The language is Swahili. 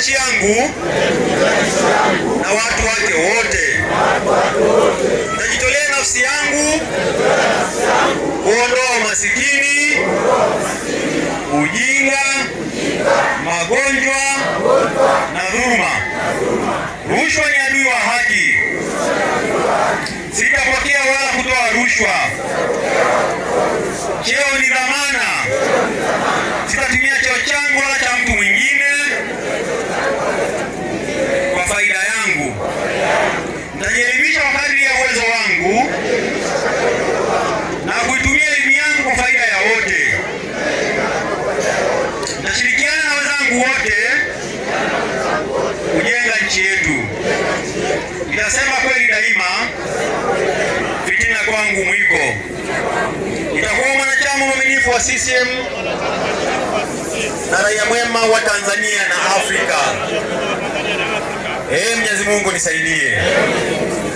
nchi yangu na watu wake wote. Nitajitolea nafsi yangu kuondoa umasikini, ujinga, magonjwa na dhuluma. Rushwa ni adui wa haki. Sitapokea wala kutoa rushwa. Cheo ni dhamana. Sitatumia nitajielimisha kwa kadri ya uwezo wangu na kuitumia elimu yangu kwa faida ya wote. Nitashirikiana na wenzangu wote kujenga nchi yetu. Nitasema kweli daima, fitina kwangu mwiko. Nitakuwa mwanachama mwaminifu wa CCM na raia mwema wa Tanzania na Afrika. Mungu nisaidie.